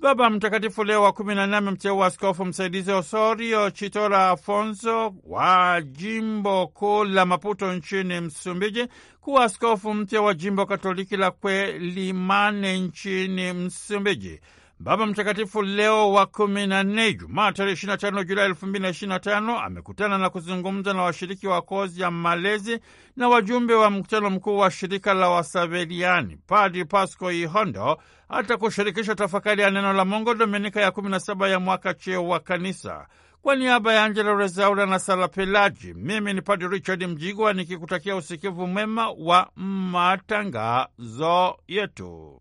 Baba Mtakatifu Leo wa kumi na nne amemteua askofu msaidizi Osorio Chitora Afonso wa jimbo kuu la Maputo nchini Msumbiji kuwa askofu mpya wa jimbo Katoliki la kwelimane nchini Msumbiji. Baba Mtakatifu Leo wa kumi na nne Ijumaa tarehe ishirini na tano Julai elfu mbili na na tano amekutana na kuzungumza na washiriki wa kozi ya malezi na wajumbe wa mkutano mkuu wa shirika la Wasaveliani. Padri Pasco Ihondo hata kushirikisha tafakari ya neno la Mungu Dominika ya kumi na saba ya mwaka cheo wa Kanisa. Kwa niaba ya Angela Rezaura na Salapelaji, mimi ni Padri Richard Mjigwa nikikutakia usikivu mwema wa matangazo yetu.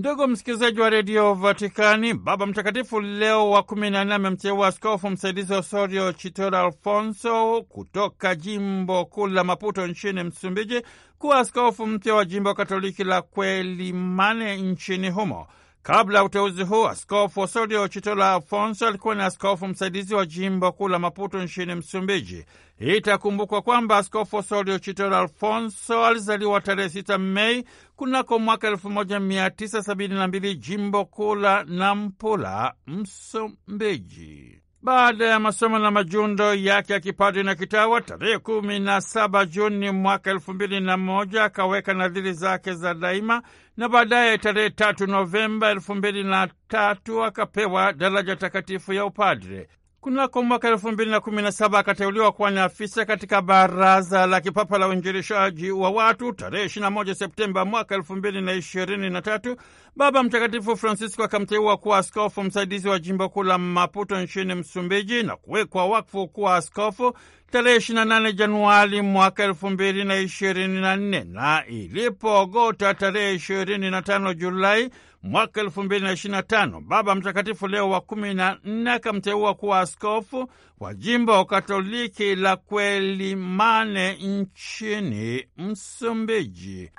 Ndugu msikilizaji wa redio Vatikani, Baba Mtakatifu Leo wa kumi na nne amemteua askofu msaidizi Osorio chitora Alfonso kutoka jimbo kuu la Maputo nchini Msumbiji kuwa askofu mpya wa jimbo Katoliki la kwelimane nchini humo. Kabla ya uteuzi huu, Askofu Osorio Chitola Alfonso alikuwa ni askofu msaidizi wa jimbo kuu la Maputo nchini Msumbiji. Itakumbukwa kwamba Askofu Osorio Chitola Alfonso alizaliwa tarehe 6 Mei kunako mwaka 1972 jimbo kuu la Nampula, Msumbiji baada ya masomo na majundo yake ya kipadri na kitawa, tarehe kumi na saba Juni mwaka elfu mbili na moja akaweka nadhiri zake za daima, na baadaye tarehe tatu Novemba elfu mbili na tatu akapewa daraja takatifu ya upadre. Kunako mwaka elfu mbili na kumi na saba akateuliwa kuwa ni afisa katika Baraza la Kipapa la uinjirishaji wa Watu. Tarehe moja Septemba mwaka elfu mbili na ishirini na tatu Baba Mtakatifu Francisco akamteua kuwa askofu msaidizi wa jimbo kuu la Maputo nchini Msumbiji na kuwekwa wakfu kuwa askofu tarehe nane Januari mwaka elfu mbili na ishirini na nne na ilipogota tarehe tano Julai Mwaka 2025 Baba Mtakatifu Leo wa kumi na nne akamteua kuwa askofu wa jimbo wa Katoliki la Kwelimane nchini Msumbiji.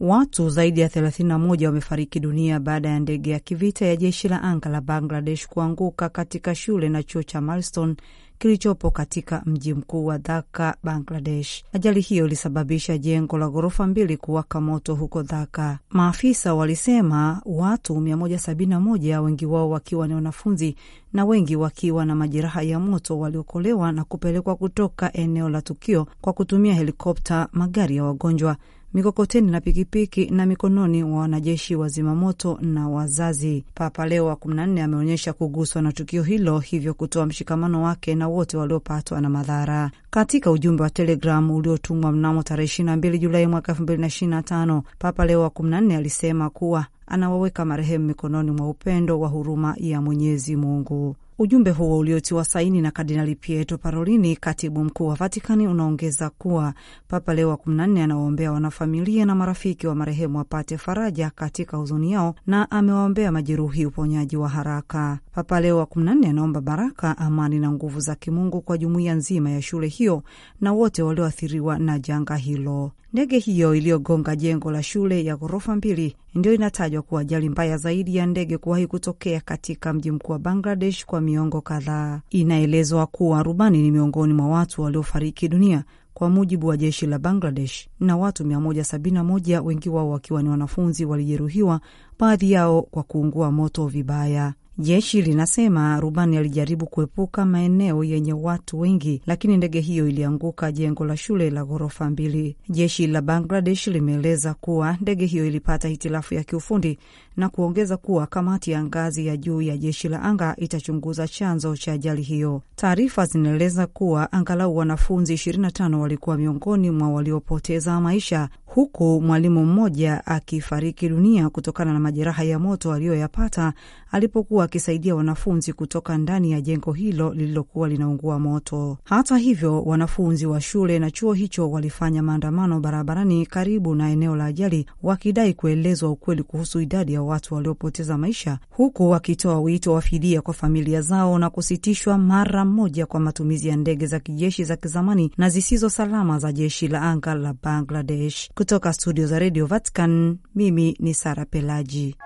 Watu zaidi ya 31 wamefariki dunia baada ya ndege ya kivita ya jeshi la anga la Bangladesh kuanguka katika shule na chuo cha Marston kilichopo katika mji mkuu wa Dhaka, Bangladesh. Ajali hiyo ilisababisha jengo la ghorofa mbili kuwaka moto huko Dhaka. Maafisa walisema watu 171 wengi wao wakiwa ni wanafunzi na wengi wakiwa na majeraha ya moto waliokolewa na kupelekwa kutoka eneo la tukio kwa kutumia helikopta, magari ya wagonjwa mikokoteni na pikipiki na mikononi mwa wanajeshi wa zimamoto na wazazi. Papa Leo wa kumi na nne ameonyesha kuguswa na tukio hilo, hivyo kutoa mshikamano wake na wote waliopatwa na madhara. Katika ujumbe wa Telegram uliotumwa mnamo tarehe 22 na mbili Julai mwaka elfu mbili na na tano Papa Leo wa kumi na nne alisema kuwa anawaweka marehemu mikononi mwa upendo wa huruma ya Mwenyezi Mungu. Ujumbe huo uliotiwa saini na Kardinali Pietro Parolini, katibu mkuu wa Vatikani, unaongeza kuwa Papa Leo wa 14 anawaombea wanafamilia na marafiki wa marehemu wapate faraja katika huzuni yao na amewaombea majeruhi uponyaji wa haraka. Papa Leo wa 14 anaomba baraka, amani na nguvu za kimungu kwa jumuiya nzima ya shule hiyo na wote walioathiriwa na janga hilo. Ndege hiyo iliyogonga jengo la shule ya ghorofa mbili ndio inatajwa kuwa ajali mbaya zaidi ya ndege kuwahi kutokea katika mji mkuu wa Bangladesh kwa miongo kadhaa. Inaelezwa kuwa rubani ni miongoni mwa watu waliofariki dunia kwa mujibu wa jeshi la Bangladesh, na watu 171 wengi wao wakiwa ni wanafunzi walijeruhiwa, baadhi yao kwa kuungua moto vibaya. Jeshi linasema rubani alijaribu kuepuka maeneo yenye watu wengi, lakini ndege hiyo ilianguka jengo la shule la ghorofa mbili. Jeshi la Bangladesh limeeleza kuwa ndege hiyo ilipata hitilafu ya kiufundi na kuongeza kuwa kamati ya ngazi ya juu ya jeshi la anga itachunguza chanzo cha ajali hiyo. Taarifa zinaeleza kuwa angalau wanafunzi 25 walikuwa miongoni mwa waliopoteza maisha, huku mwalimu mmoja akifariki dunia kutokana na majeraha ya moto aliyoyapata alipokuwa wakisaidia wanafunzi kutoka ndani ya jengo hilo lililokuwa linaungua moto. Hata hivyo, wanafunzi wa shule na chuo hicho walifanya maandamano barabarani karibu na eneo la ajali, wakidai kuelezwa ukweli kuhusu idadi ya watu waliopoteza maisha, huku wakitoa wito wa fidia kwa familia zao na kusitishwa mara moja kwa matumizi ya ndege za kijeshi za kizamani na zisizo salama za jeshi la anga la Bangladesh. Kutoka studio za Radio Vatican, mimi ni Sara Pelaji.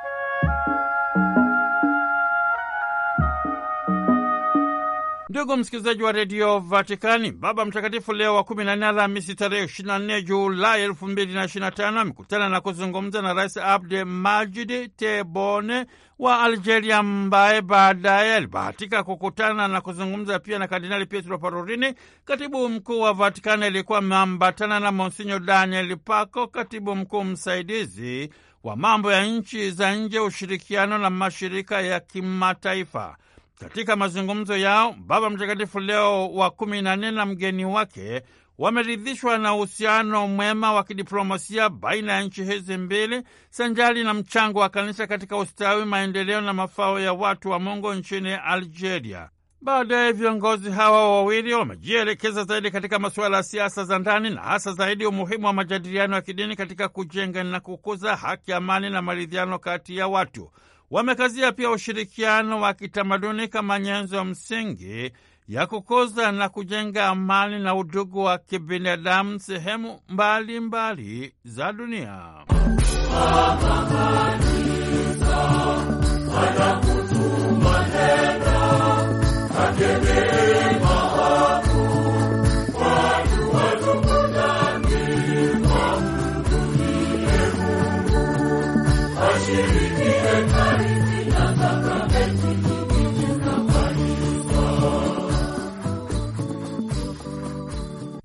Ndugu msikilizaji wa redio Vatikani, Baba Mtakatifu Leo wa 14 Alhamisi tarehe 24 Julai 225 na amekutana na kuzungumza na Rais Majid tebone wa Algeria, ambaye baadaye alibahatika kukutana na kuzungumza pia na Kardinali Pietro Parolin, katibu mkuu wa Vatikani. Alikuwa ameambatana na Monsinyo Daniel Paco, katibu mkuu msaidizi wa mambo ya nchi za nje, ushirikiano na mashirika ya kimataifa. Katika mazungumzo yao, Baba Mtakatifu Leo wa kumi na nne na mgeni wake wameridhishwa na uhusiano mwema wa kidiplomasia baina ya nchi hizi mbili sanjali na mchango wa kanisa katika ustawi, maendeleo na mafao ya watu wa Mungu nchini Algeria. Baadaye viongozi hawa wawili wamejielekeza zaidi katika masuala ya siasa za ndani na hasa zaidi umuhimu wa majadiliano ya kidini katika kujenga na kukuza haki, amani na maridhiano kati ya watu. Wamekazia pia ushirikiano wa kitamaduni kama nyenzo msingi ya kukuza na kujenga amani na udugu wa kibinadamu sehemu mbalimbali za dunia.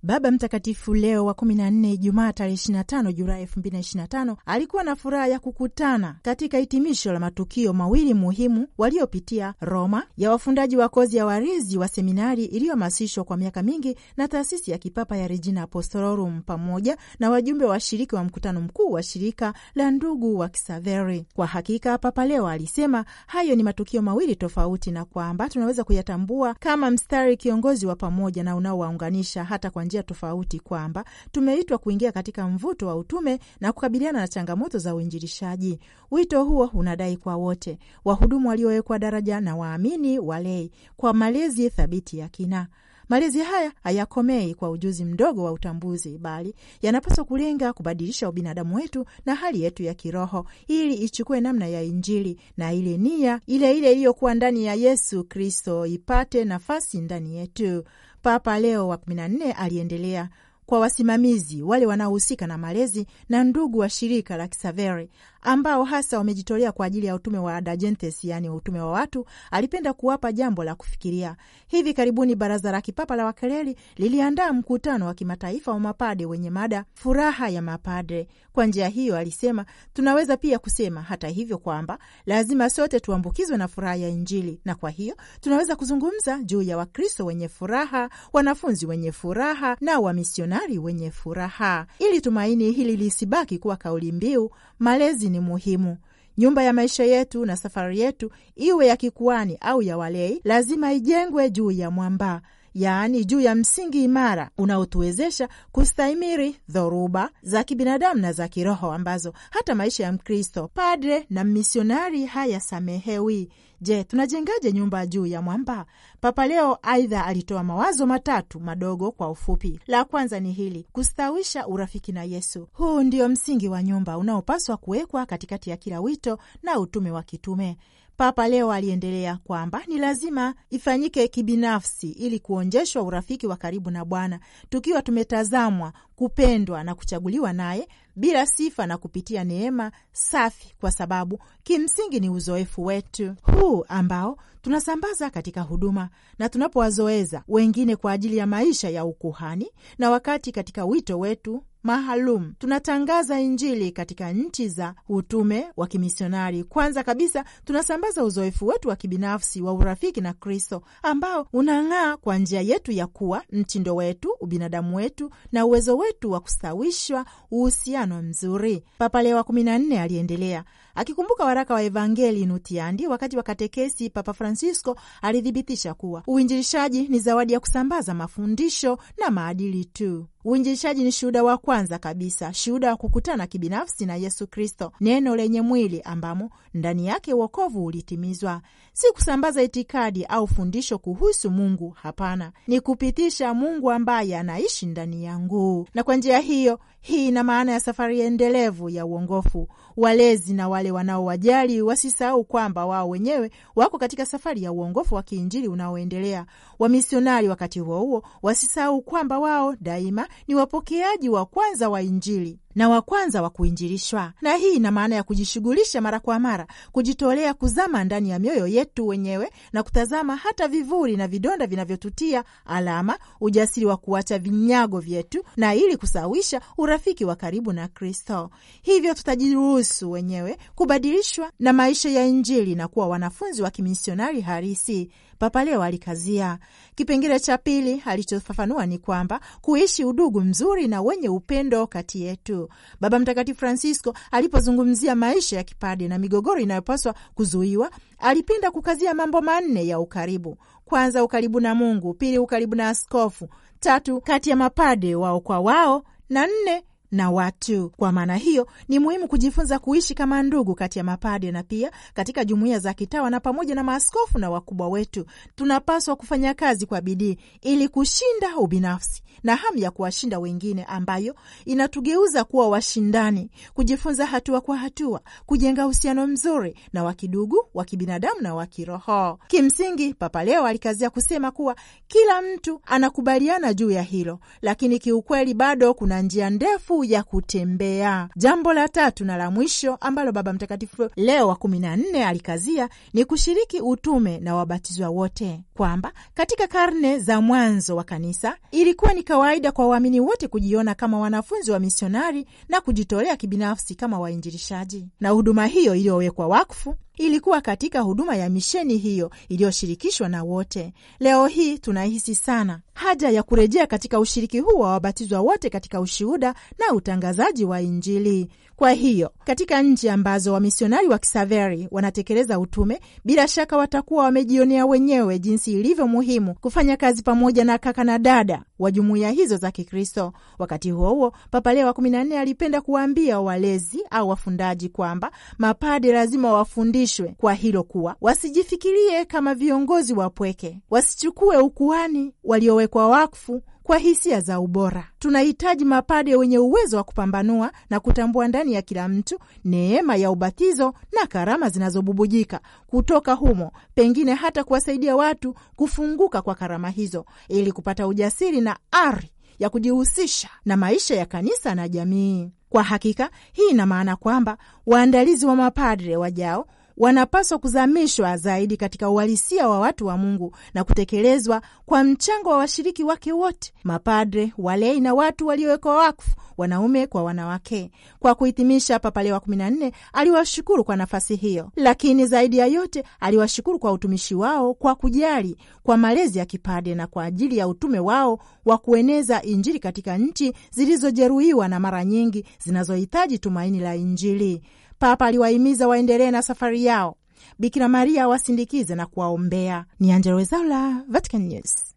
Baba Mtakatifu Leo wa 14 Ijumaa tarehe 25 Julai 2025 alikuwa na furaha ya kukutana katika hitimisho la matukio mawili muhimu waliopitia Roma ya wafundaji wa kozi ya warizi wa seminari iliyohamasishwa kwa miaka mingi na taasisi ya kipapa ya Regina Apostolorum pamoja na wajumbe wa washiriki wa mkutano mkuu wa shirika la ndugu wa Kisaveri. Kwa hakika, Papa Leo alisema hayo ni matukio mawili tofauti na kwamba tunaweza kuyatambua kama mstari kiongozi wa pamoja na unaowaunganisha hata kwa njia njia tofauti kwamba tumeitwa kuingia katika mvuto wa utume na kukabiliana na changamoto za uinjilishaji. Wito huo unadai kwa wote wahudumu waliowekwa daraja na waamini walei kwa malezi thabiti ya kina Malezi haya hayakomei kwa ujuzi mdogo wa utambuzi, bali yanapaswa kulenga kubadilisha ubinadamu wetu na hali yetu ya kiroho, ili ichukue namna ya Injili na ile nia ile ile iliyokuwa ndani ya Yesu Kristo ipate nafasi ndani yetu. Papa Leo wa kumi na nne aliendelea kwa wasimamizi wale wanaohusika na malezi na ndugu wa shirika la Kisaveri ambao hasa wamejitolea kwa ajili ya utume wa Ad Gentes, yaani utume wa watu. Alipenda kuwapa jambo la kufikiria. Hivi karibuni Baraza la Kipapa la wakereli liliandaa mkutano wa kimataifa wa mapade wenye mada furaha ya mapade. Kwa njia hiyo, alisema tunaweza pia kusema hata hivyo kwamba lazima sote tuambukizwe na furaha ya Injili, na kwa hiyo tunaweza kuzungumza juu ya Wakristo wenye furaha, wanafunzi wenye furaha na wamisionari wamisionari wenye furaha. Ili tumaini hili lisibaki kuwa kauli mbiu, malezi ni muhimu. Nyumba ya maisha yetu na safari yetu, iwe ya kikuani au ya walei, lazima ijengwe juu ya mwamba yaani juu ya msingi imara unaotuwezesha kustahimiri dhoruba za kibinadamu na za kiroho ambazo hata maisha ya Mkristo, padre na misionari hayasamehewi. Je, tunajengaje nyumba juu ya mwamba? Papa Leo aidha alitoa mawazo matatu madogo kwa ufupi. La kwanza ni hili: kustawisha urafiki na Yesu. Huu ndio msingi wa nyumba unaopaswa kuwekwa katikati ya kila wito na utume wa kitume. Papa Leo aliendelea kwamba ni lazima ifanyike kibinafsi ili kuonjeshwa urafiki wa karibu na Bwana, tukiwa tumetazamwa kupendwa na kuchaguliwa naye bila sifa na kupitia neema safi, kwa sababu kimsingi ni uzoefu wetu huu ambao tunasambaza katika huduma na tunapowazoeza wengine kwa ajili ya maisha ya ukuhani na wakati katika wito wetu maalum tunatangaza Injili katika nchi za utume wa kimisionari. Kwanza kabisa, tunasambaza uzoefu wetu wa kibinafsi wa urafiki na Kristo ambao unang'aa kwa njia yetu ya kuwa, mtindo wetu, ubinadamu wetu na uwezo wetu wa kustawishwa uhusiano mzuri. Papa Leo wa kumi na nne aliendelea akikumbuka waraka wa evangeli Nutiandi wakati wa katekesi. Papa Francisco alithibitisha kuwa uinjilishaji ni zawadi ya kusambaza mafundisho na maadili tu. Uinjilishaji ni shuhuda wa kwanza kabisa, shuhuda wa kukutana kibinafsi na Yesu Kristo, neno lenye mwili, ambamo ndani yake wokovu ulitimizwa. Si kusambaza itikadi au fundisho kuhusu Mungu, hapana, ni kupitisha Mungu ambaye anaishi ndani yangu, na kwa njia hiyo hii ina maana ya safari endelevu ya uongofu. Walezi na wale wanaowajali wasisahau kwamba wao wenyewe wako katika safari ya uongofu wa kiinjili unaoendelea. Wamisionari wakati huo huo wasisahau kwamba wao daima ni wapokeaji wa kwanza wa Injili na wa kwanza wa kuinjilishwa. Na hii ina maana ya kujishughulisha mara kwa mara, kujitolea, kuzama ndani ya mioyo yetu wenyewe na kutazama hata vivuli na vidonda vinavyotutia alama, ujasiri wa kuacha vinyago vyetu, na ili kusawisha urafiki wa karibu na Kristo. Hivyo tutajiruhusu wenyewe kubadilishwa na maisha ya Injili na kuwa wanafunzi wa kimisionari halisi. Papa Leo alikazia kipengele cha pili alichofafanua ni kwamba kuishi udugu mzuri na wenye upendo kati yetu. Baba Mtakatifu Francisco alipozungumzia maisha ya kipade na migogoro inayopaswa kuzuiwa, alipenda kukazia mambo manne ya ukaribu: kwanza, ukaribu na Mungu; pili, ukaribu na askofu; tatu, kati ya mapade wao kwa wao; na nne, na watu. Kwa maana hiyo, ni muhimu kujifunza kuishi kama ndugu kati ya mapade na pia katika jumuiya za kitawa na pamoja na maaskofu na wakubwa wetu. Tunapaswa kufanya kazi kwa bidii ili kushinda ubinafsi na hamu ya kuwashinda wengine ambayo inatugeuza kuwa washindani, kujifunza hatua kwa hatua, kujenga uhusiano mzuri na wa kidugu, wa kibinadamu na wa kiroho. Kimsingi, Papa leo alikazia kusema kuwa kila mtu anakubaliana juu ya hilo, lakini kiukweli bado kuna njia ndefu sababu ya kutembea. Jambo la tatu na la mwisho ambalo Baba Mtakatifu Leo wa kumi na nne alikazia ni kushiriki utume na wabatizwa wote kwamba katika karne za mwanzo wa kanisa ilikuwa ni kawaida kwa waamini wote kujiona kama wanafunzi wa misionari na kujitolea kibinafsi kama wainjilishaji, na huduma hiyo iliyowekwa wakfu ilikuwa katika huduma ya misheni hiyo iliyoshirikishwa na wote. Leo hii tunahisi sana haja ya kurejea katika ushiriki huu wa wabatizwa wote katika ushuhuda na utangazaji wa Injili. Kwa hiyo katika nchi ambazo wamisionari wa Kisaveri wanatekeleza utume, bila shaka watakuwa wamejionea wenyewe jinsi ilivyo muhimu kufanya kazi pamoja na kaka na dada wa jumuiya hizo za Kikristo. Wakati huo huo, Papa Leo wa kumi na nne alipenda kuwaambia walezi au wafundaji kwamba mapade lazima wafundishwe kwa hilo, kuwa wasijifikirie kama viongozi wapweke, wasichukue ukuani waliowekwa wakfu kwa hisia za ubora. Tunahitaji mapade wenye uwezo wa kupambanua na kutambua ndani ya kila mtu neema ya ubatizo na karama zinazobubujika kutoka humo, pengine hata kuwasaidia watu kufunguka kwa karama hizo ili kupata ujasiri na ari ya kujihusisha na maisha ya kanisa na jamii. Kwa hakika hii ina maana kwamba waandalizi wa mapadre wajao wanapaswa kuzamishwa zaidi katika uhalisia wa watu wa Mungu na kutekelezwa kwa mchango wa washiriki wake wote, mapadre, walei na watu waliowekwa wakfu, wanaume kwa wanawake. Kwa kuhitimisha, Papa Leo wa 14 aliwashukuru kwa nafasi hiyo, lakini zaidi ya yote aliwashukuru kwa utumishi wao, kwa kujali, kwa malezi ya kipade na kwa ajili ya utume wao wa kueneza Injili katika nchi zilizojeruhiwa na mara nyingi zinazohitaji tumaini la Injili. Papa aliwahimiza waendelee na safari yao. Bikira Maria awasindikize na kuwaombea. Ni Angella Rwezaula, Vatican News.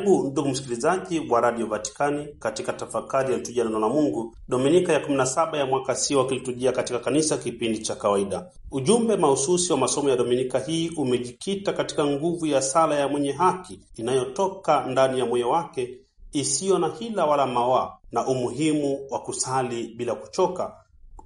Karibu ndugu msikilizaji wa Radio Vatikani katika tafakari ya Liturujia ya Neno la Mungu, Dominika ya 17 ya mwaka C wa kiliturujia katika kanisa, kipindi cha kawaida. Ujumbe mahususi wa masomo ya Dominika hii umejikita katika nguvu ya sala ya mwenye haki inayotoka ndani ya moyo wake isiyo na hila wala mawaa, na umuhimu wa kusali bila kuchoka,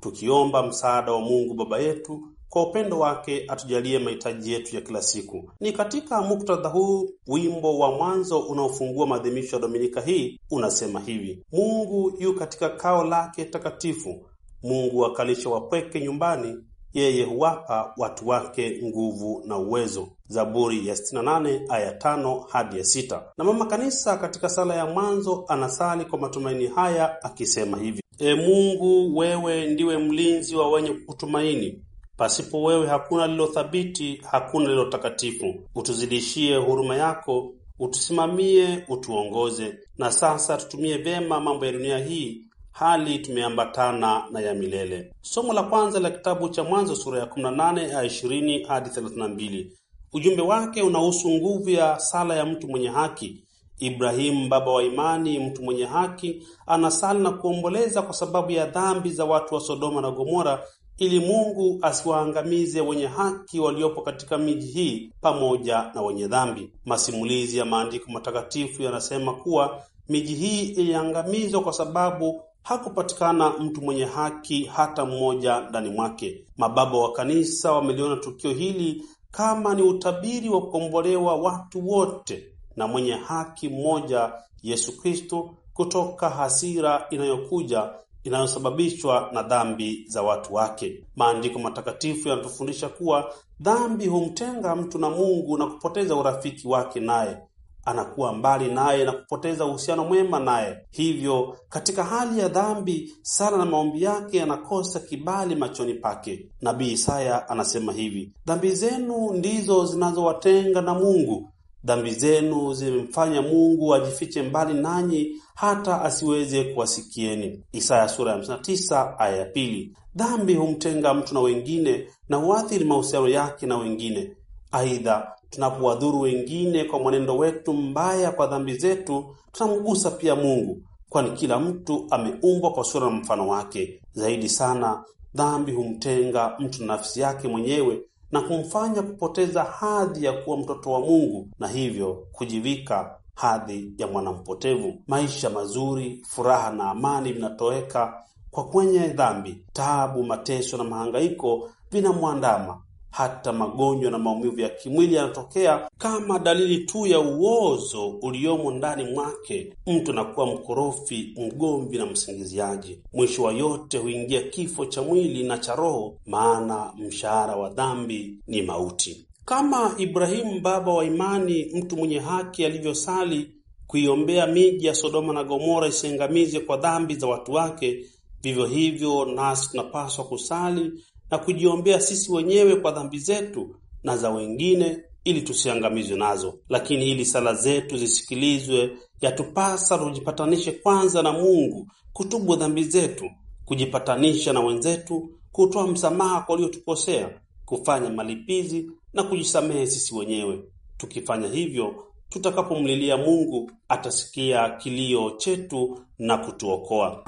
tukiomba msaada wa Mungu Baba yetu kwa upendo wake atujalie mahitaji yetu ya kila siku. Ni katika muktadha huu wimbo wa mwanzo unaofungua maadhimisho ya Dominika hii unasema hivi: Mungu yu katika kao lake takatifu, Mungu wakalisha wapweke nyumbani, yeye huwapa watu wake nguvu na uwezo. Zaburi ya 68 aya 5 hadi ya sita. Na mama kanisa katika sala ya mwanzo anasali kwa matumaini haya akisema hivi: E Mungu, wewe ndiwe mlinzi wa wenye kutumaini Pasipo wewe hakuna lilothabiti, hakuna lilotakatifu. Utuzidishie huruma yako, utusimamie, utuongoze. Na sasa tutumie vyema mambo ya dunia hii, hali tumeambatana na ya milele. Somo la kwanza la kitabu cha Mwanzo sura ya 18 aya 20 hadi 32. Ujumbe wake unahusu nguvu ya sala ya mtu mwenye haki. Ibrahimu, baba wa imani, mtu mwenye haki, anasali na kuomboleza kwa sababu ya dhambi za watu wa Sodoma na Gomora ili Mungu asiwaangamize wenye haki waliopo katika miji hii pamoja na wenye dhambi. Masimulizi ya maandiko matakatifu yanasema kuwa miji hii iliangamizwa kwa sababu hakupatikana mtu mwenye haki hata mmoja ndani mwake. Mababa wa kanisa wameliona tukio hili kama ni utabiri wa kukombolewa watu wote na mwenye haki mmoja, Yesu Kristo, kutoka hasira inayokuja inayosababishwa na dhambi za watu wake. Maandiko matakatifu yanatufundisha kuwa dhambi humtenga mtu na Mungu na kupoteza urafiki wake naye, anakuwa mbali naye na kupoteza uhusiano mwema naye. Hivyo katika hali ya dhambi, sala na maombi yake yanakosa kibali machoni pake. Nabii Isaya anasema hivi, dhambi zenu ndizo zinazowatenga na Mungu Dhambi zenu zimemfanya Mungu ajifiche mbali nanyi hata asiweze kuwasikieni. Isaya sura ya 59 aya ya pili. Dhambi humtenga mtu na wengine na huathiri mahusiano yake na wengine. Aidha, tunapowadhuru wengine kwa mwenendo wetu mbaya, kwa dhambi zetu, tunamgusa pia Mungu, kwani kila mtu ameumbwa kwa sura na mfano wake. Zaidi sana, dhambi humtenga mtu na nafsi yake mwenyewe na kumfanya kupoteza hadhi ya kuwa mtoto wa Mungu na hivyo kujivika hadhi ya mwanampotevu. Maisha mazuri, furaha na amani vinatoweka kwa kwenye dhambi. Taabu, mateso na mahangaiko vinamwandama hata magonjwa na maumivu ya kimwili yanatokea kama dalili tu ya uozo uliomo ndani mwake. Mtu anakuwa mkorofi, mgomvi na msingiziaji. Mwisho wa yote huingia kifo cha mwili na cha roho, maana mshahara wa dhambi ni mauti. Kama Ibrahimu baba wa imani, mtu mwenye haki alivyosali kuiombea miji ya Sodoma na Gomora isiangamize kwa dhambi za watu wake, vivyo hivyo nasi tunapaswa kusali na kujiombea sisi wenyewe kwa dhambi zetu na za wengine ili tusiangamizwe nazo. Lakini ili sala zetu zisikilizwe, yatupasa tujipatanishe kwanza na Mungu, kutubu dhambi zetu, kujipatanisha na wenzetu, kutoa msamaha kwa waliotukosea, kufanya malipizi na kujisamehe sisi wenyewe. Tukifanya hivyo, tutakapomlilia Mungu atasikia kilio chetu na kutuokoa.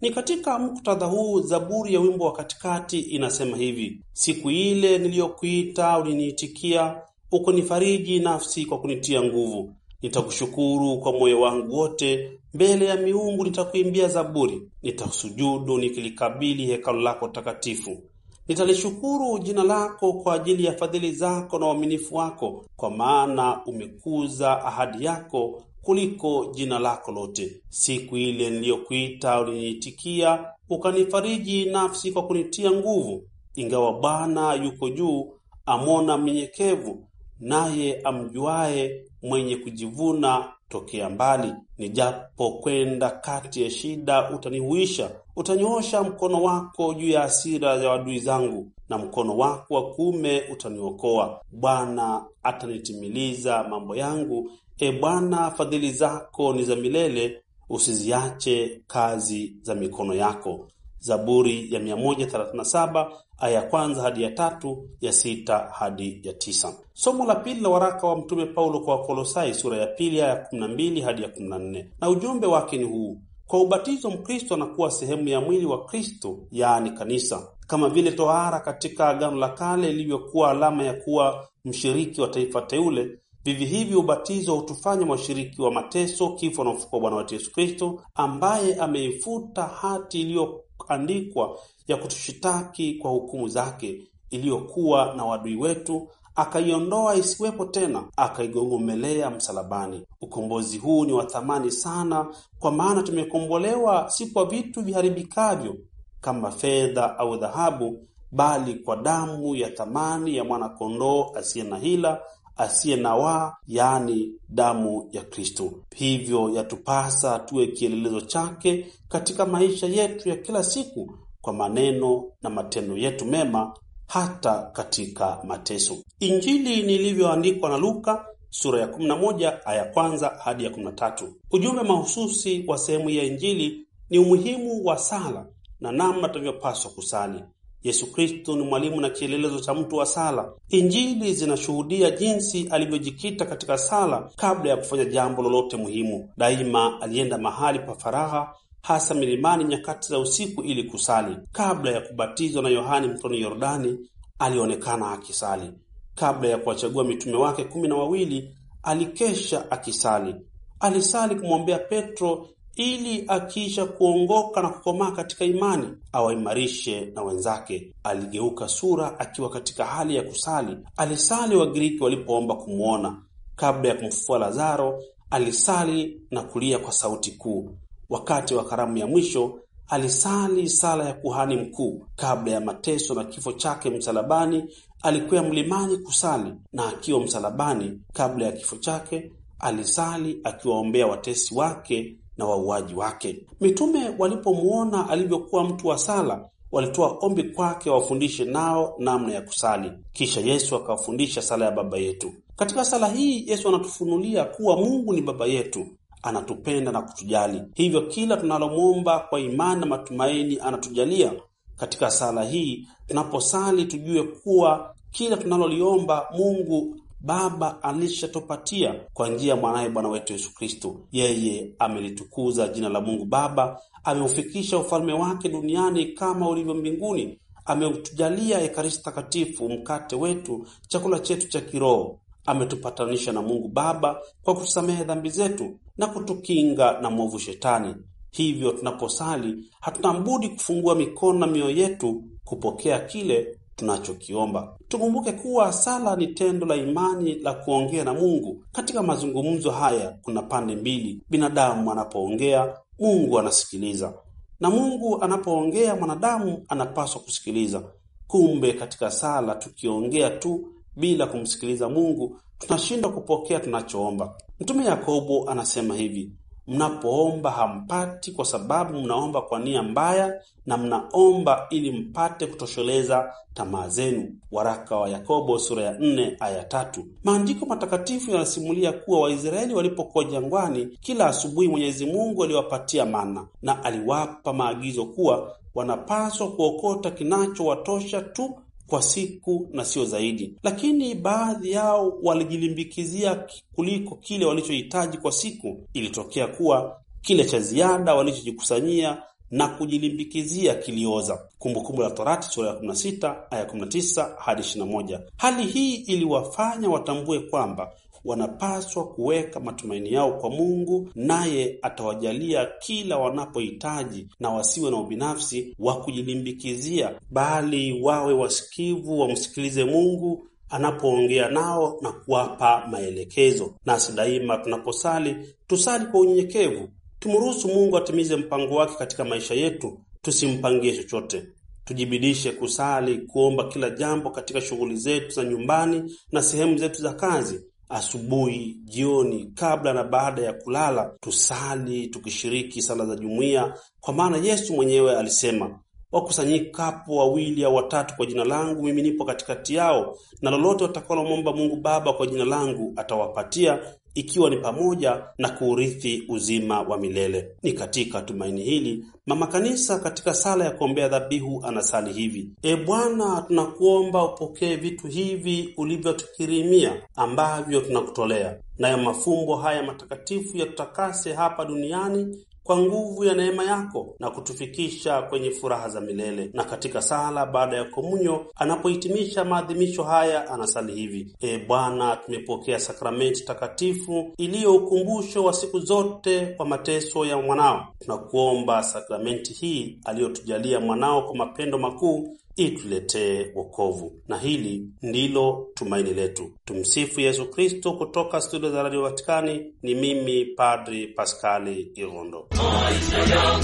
Ni katika muktadha huu Zaburi ya wimbo wa katikati inasema hivi: siku ile niliyokuita uliniitikia, ukunifariji nafsi kwa kunitia nguvu. Nitakushukuru kwa moyo wangu wote, mbele ya miungu nitakuimbia zaburi. Nitasujudu nikilikabili hekalu lako takatifu. Nitalishukuru jina lako kwa ajili ya fadhili zako na uaminifu wako, kwa maana umekuza ahadi yako kuliko jina lako lote. Siku ile niliyokuita uliniitikia, ukanifariji nafsi kwa kunitia nguvu. Ingawa Bwana yuko juu, amwona mnyenyekevu, naye amjuaye mwenye kujivuna tokea mbali, nijapokwenda kati ya shida utanihuisha, utanyoosha mkono wako juu ya hasira ya adui zangu, na mkono wako wa kuume utaniokoa. Bwana atanitimiliza mambo yangu. E Bwana, fadhili zako ni za milele, usiziache kazi za mikono yako. Zaburi ya 137 aya kwanza hadi ya tatu, ya sita hadi ya tisa. Somo la pili la waraka wa Mtume Paulo kwa Wakolosai sura ya pili aya ya 12 hadi ya 14, na ujumbe wake ni huu: kwa ubatizo Mkristo anakuwa sehemu ya mwili wa Kristo, yaani kanisa. Kama vile tohara katika Agano la Kale ilivyokuwa alama ya kuwa mshiriki wa taifa teule, vivi hivi ubatizo hutufanya washiriki wa mateso, kifo na ufufuo wa Bwana wetu Yesu Kristo, ambaye ameifuta hati iliyo andikwa ya kutushitaki kwa hukumu zake iliyokuwa na wadui wetu akaiondoa isiwepo tena, akaigongomelea msalabani. Ukombozi huu ni wa thamani sana, kwa maana tumekombolewa si kwa vitu viharibikavyo kama fedha au dhahabu, bali kwa damu ya thamani ya mwanakondoo asiye na hila asiye na waa, yaani damu ya Kristo. Hivyo yatupasa tuwe kielelezo chake katika maisha yetu ya kila siku, kwa maneno na matendo yetu mema, hata katika mateso. Injili nilivyoandikwa na Luka sura ya 11 aya kwanza hadi ya 13. Ujumbe mahususi wa sehemu ya injili ni umuhimu wa sala na namna tunavyopaswa kusali. Yesu Kristo ni mwalimu na kielelezo cha mtu wa sala. Injili zinashuhudia jinsi alivyojikita katika sala kabla ya kufanya jambo lolote muhimu. Daima alienda mahali pa faragha, hasa milimani nyakati za usiku ili kusali. Kabla ya kubatizwa na Yohani mtoni Yordani, alionekana akisali. Kabla ya kuwachagua mitume wake kumi na wawili, alikesha akisali. Alisali kumwombea Petro ili akiisha kuongoka na kukomaa katika imani awaimarishe na wenzake. Aligeuka sura akiwa katika hali ya kusali. Alisali Wagiriki walipoomba kumwona. Kabla ya kumfufua Lazaro, alisali na kulia kwa sauti kuu. Wakati wa karamu ya mwisho alisali sala ya kuhani mkuu. Kabla ya mateso na kifo chake msalabani, alikuwa mlimani kusali, na akiwa msalabani, kabla ya kifo chake, alisali akiwaombea watesi wake na wauaji wake. Mitume walipomwona alivyokuwa mtu wa sala, walitoa ombi kwake wafundishe nao namna ya kusali. Kisha Yesu akawafundisha sala ya Baba yetu. Katika sala hii Yesu anatufunulia kuwa Mungu ni Baba yetu, anatupenda na kutujali, hivyo kila tunalomwomba kwa imani na matumaini anatujalia. Katika sala hii tunaposali, tujue kuwa kila tunaloliomba Mungu Baba alishatupatia kwa njia ya mwanaye Bwana wetu Yesu Kristo. Yeye amelitukuza jina la Mungu Baba, ameufikisha ufalme wake duniani kama ulivyo mbinguni. Ametujalia Ekaristi Takatifu, mkate wetu, chakula chetu cha kiroho. Ametupatanisha na Mungu Baba kwa kutusamehe dhambi zetu na kutukinga na mwovu Shetani. Hivyo tunaposali hatuna budi kufungua mikono na mioyo yetu kupokea kile tunachokiomba. Tukumbuke kuwa sala ni tendo la imani la kuongea na Mungu. Katika mazungumzo haya kuna pande mbili: binadamu anapoongea, Mungu anasikiliza, na Mungu anapoongea, mwanadamu anapaswa kusikiliza. Kumbe katika sala tukiongea tu bila kumsikiliza Mungu tunashindwa kupokea tunachoomba. Mtume Yakobo anasema hivi: mnapoomba hampati kwa sababu mnaomba kwa nia mbaya na mnaomba ili mpate kutosheleza tamaa zenu. Waraka wa Yakobo sura ya 4 aya tatu. Maandiko matakatifu yanasimulia kuwa Waisraeli walipokuwa jangwani, kila asubuhi Mwenyezi Mungu aliwapatia mana na aliwapa maagizo kuwa wanapaswa kuokota kinachowatosha tu kwa siku na sio zaidi, lakini baadhi yao walijilimbikizia kuliko kile walichohitaji kwa siku. Ilitokea kuwa kile cha ziada walichojikusanyia na kujilimbikizia kilioza. Kumbukumbu la Torati sura ya 16 aya 19 hadi 21. Hali hii iliwafanya watambue kwamba wanapaswa kuweka matumaini yao kwa Mungu, naye atawajalia kila wanapohitaji, na wasiwe na ubinafsi wa kujilimbikizia, bali wawe wasikivu, wamsikilize Mungu anapoongea nao na kuwapa maelekezo. Nasi daima tunaposali, tusali kwa unyenyekevu, tumruhusu Mungu atimize mpango wake katika maisha yetu, tusimpangie chochote. Tujibidishe kusali, kuomba kila jambo katika shughuli zetu za nyumbani na sehemu zetu za kazi, asubuhi, jioni, kabla na baada ya kulala, tusali tukishiriki sala za jumuiya, kwa maana Yesu mwenyewe alisema, wakusanyikapo wawili au watatu kwa jina langu, mimi nipo katikati yao, na lolote watakalo mwomba Mungu Baba kwa jina langu atawapatia ikiwa ni pamoja na kuurithi uzima wa milele. Ni katika tumaini hili Mama Kanisa katika sala ya kuombea dhabihu anasali hivi: E Bwana, tunakuomba upokee vitu hivi ulivyotukirimia ambavyo tunakutolea, nayo mafumbo haya matakatifu yatutakase hapa duniani kwa nguvu ya neema yako na kutufikisha kwenye furaha za milele. Na katika sala baada ya komunyo, anapohitimisha maadhimisho haya, anasali hivi: E Bwana, tumepokea sakramenti takatifu iliyo ukumbusho wa siku zote kwa mateso ya mwanao. Tunakuomba sakramenti hii aliyotujalia mwanao kwa mapendo makuu ituletee wokovu, na hili ndilo tumaini letu. Tumsifu Yesu Kristo. Kutoka studio za Radio Vatikani ni mimi Padri Paskali Irondo. Maisha yangu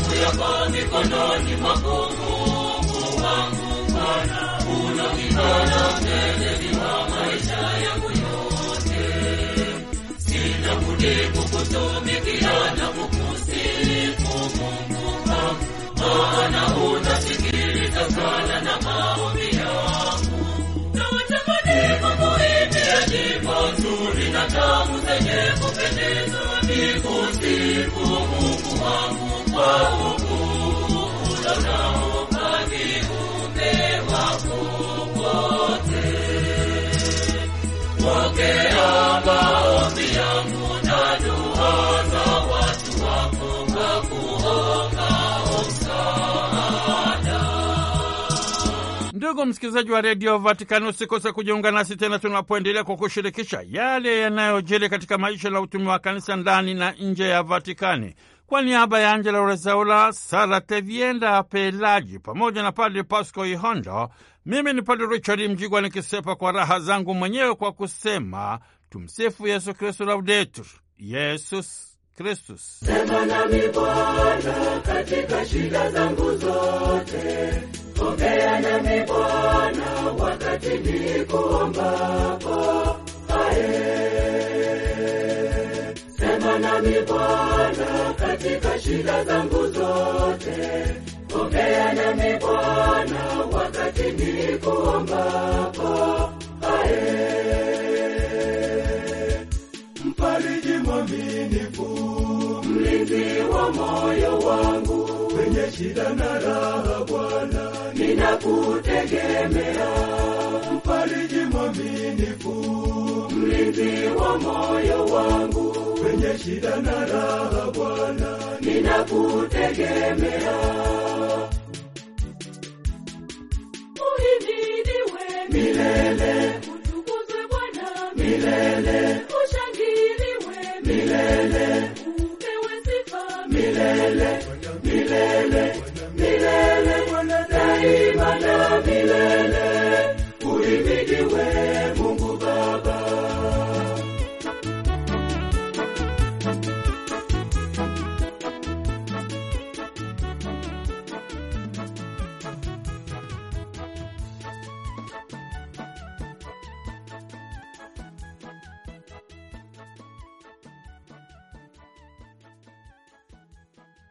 Ndugu msikilizaji wa redio Vatikani, usikose kujiunga nasi tena tunapoendelea kwa kushirikisha yale yanayojiri katika maisha na utumi wa kanisa ndani na nje ya Vatikani. Kwa niaba ya Angela Urezaula, Sara Tevienda Pelaji pamoja na Padri Pasco Ihondo, mimi ni Padri Richard Mjigwa nikisepa kwa raha zangu mwenyewe kwa kusema tumsifu Yesu Kristu, laudetur Yesus Kristus. Sema nami Bwana katika shida zangu zote Ongea nami Bwana wakati nikuombapo, ae, sema nami Bwana katika shida zangu zote. Ongea nami Bwana wakati nikuombapo, ae, mfariji mwaminifu mlinzi wa moyo wangu, kwenye shida na raha, Bwana ninakutegemea, mfariji mwaminifu, mlinzi wa moyo wangu, kwenye shida na raha, Bwana ninakutegemea, uhimidiwe milele, utukuzwe Bwana milele, ushangiliwe milele milele, milele, Bwana daima na milele, uhimidiwe